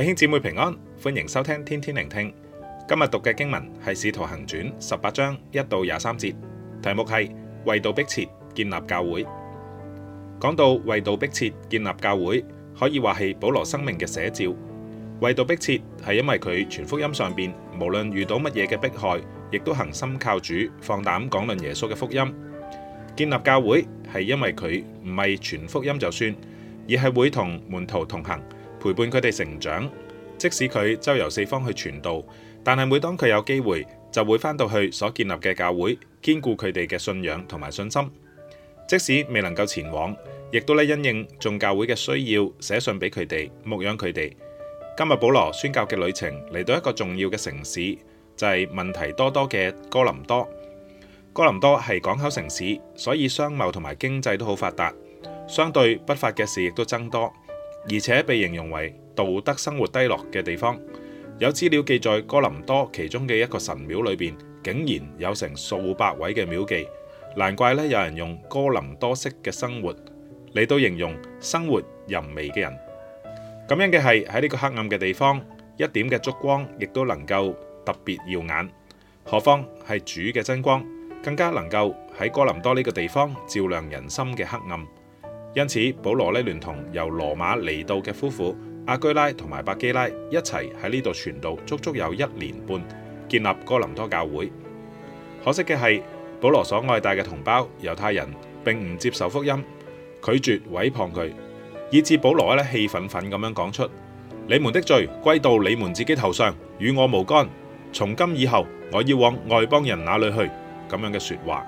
弟兄姊妹平安，歡迎收聽天天靈聽。今日讀嘅經文係《使徒行傳》十八章一到廿三節，題目係為道迫切建立教會。講到為道迫切建立教會，可以話係保羅生命嘅寫照。為道迫切係因為佢傳福音上邊，無論遇到乜嘢嘅迫害，亦都恒心靠主，放膽講論耶穌嘅福音。建立教會係因為佢唔係傳福音就算，而係會同門徒同行。陪伴佢哋成長，即使佢周遊四方去傳道，但係每當佢有機會，就會返到去所建立嘅教會，堅固佢哋嘅信仰同埋信心。即使未能夠前往，亦都咧因應眾教會嘅需要寫，寫信俾佢哋，牧養佢哋。今日保羅宣教嘅旅程嚟到一個重要嘅城市，就係、是、問題多多嘅哥林多。哥林多係港口城市，所以商貿同埋經濟都好發達，相對不法嘅事亦都增多。而且被形容為道德生活低落嘅地方，有資料記載哥林多其中嘅一個神廟裏邊，竟然有成數百位嘅廟妓，難怪咧有人用哥林多式嘅生活，嚟到形容生活淫靡嘅人。感恩嘅係喺呢個黑暗嘅地方，一點嘅燭光亦都能夠特別耀眼，何況係主嘅真光，更加能夠喺哥林多呢個地方照亮人心嘅黑暗。因此，保羅呢，連同由羅馬嚟到嘅夫婦亞居拉同埋百基拉一齊喺呢度傳道，足足有一年半，建立哥林多教會。可惜嘅係，保羅所愛戴嘅同胞猶太人，並唔接受福音，拒絕毀謗佢，以致保羅咧氣憤憤咁樣講出：你們的罪歸到你們自己頭上，與我無干。從今以後，我要往外邦人那裏去。咁樣嘅說話，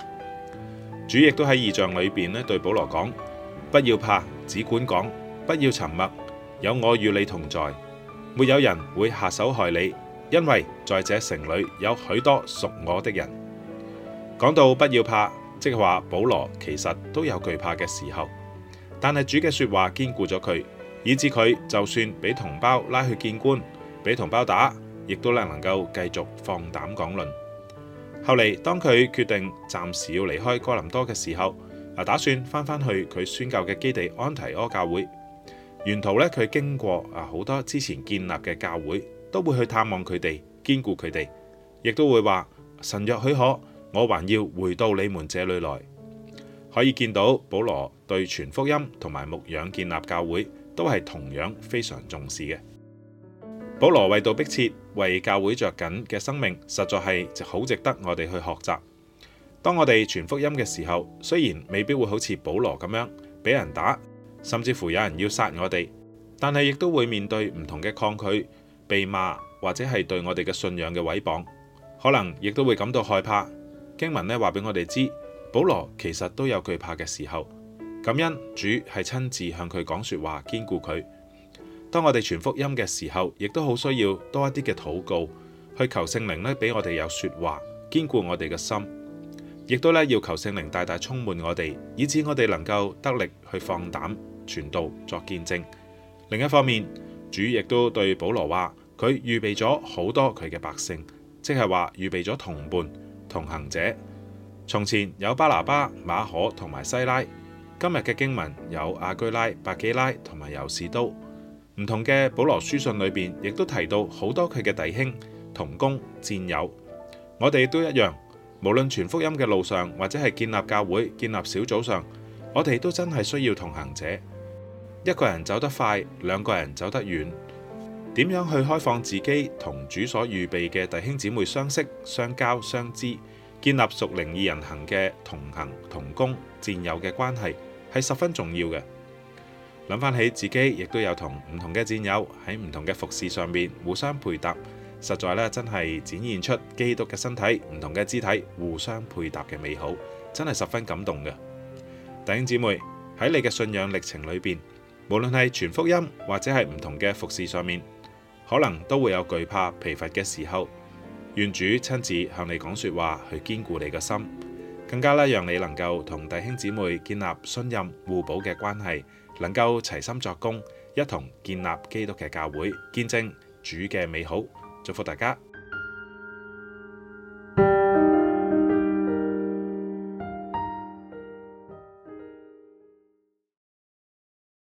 主亦都喺異象裏邊咧對保羅講。不要怕，只管講，不要沉默，有我與你同在，沒有人會下手害你，因為在這城裏有許多屬我的人。講到不要怕，即係話保羅其實都有懼怕嘅時候，但係主嘅說話堅固咗佢，以致佢就算俾同胞拉去見官，俾同胞打，亦都能夠繼續放膽講論。後嚟當佢決定暫時要離開哥林多嘅時候，打算翻返去佢宣教嘅基地安提阿教會，沿途咧佢經過啊好多之前建立嘅教會，都會去探望佢哋，堅固佢哋，亦都會話神若許可，我還要回到你們這裏來。可以見到保羅對傳福音同埋牧養建立教會都係同樣非常重視嘅。保羅為道迫切，為教會着緊嘅生命，實在係好值得我哋去學習。當我哋傳福音嘅時候，雖然未必會好似保羅咁樣俾人打，甚至乎有人要殺我哋，但係亦都會面對唔同嘅抗拒、被罵或者係對我哋嘅信仰嘅毀謗，可能亦都會感到害怕。經文呢話俾我哋知，保羅其實都有懼怕嘅時候，感恩主係親自向佢講說話，堅固佢。當我哋傳福音嘅時候，亦都好需要多一啲嘅禱告，去求聖靈呢俾我哋有說話，堅固我哋嘅心。亦都咧要求聖靈大大充滿我哋，以至我哋能夠得力去放膽傳道作見證。另一方面，主亦都對保羅話：佢預備咗好多佢嘅百姓，即係話預備咗同伴同行者。從前有巴拿巴、馬可同埋西拉，今日嘅經文有亞居拉、百基拉同埋猶士都。唔同嘅保羅書信裏邊亦都提到好多佢嘅弟兄、同工、戰友。我哋都一樣。無論傳福音嘅路上，或者係建立教會、建立小組上，我哋都真係需要同行者。一個人走得快，兩個人走得遠。點樣去開放自己同主所預備嘅弟兄姊妹相識、相交、相知，建立屬靈二人行嘅同行同工戰友嘅關係，係十分重要嘅。諗翻起自己，亦都有同唔同嘅戰友喺唔同嘅服侍上面互相配搭。實在咧，真係展現出基督嘅身體唔同嘅肢體互相配搭嘅美好，真係十分感動嘅。弟兄姊妹，喺你嘅信仰歷程裏邊，無論係傳福音或者係唔同嘅服侍上面，可能都會有懼怕疲乏嘅時候。願主親自向你講說話去堅固你嘅心，更加啦，讓你能夠同弟兄姊妹建立信任互補嘅關係，能夠齊心作工，一同建立基督嘅教會，見證主嘅美好。祝福大家！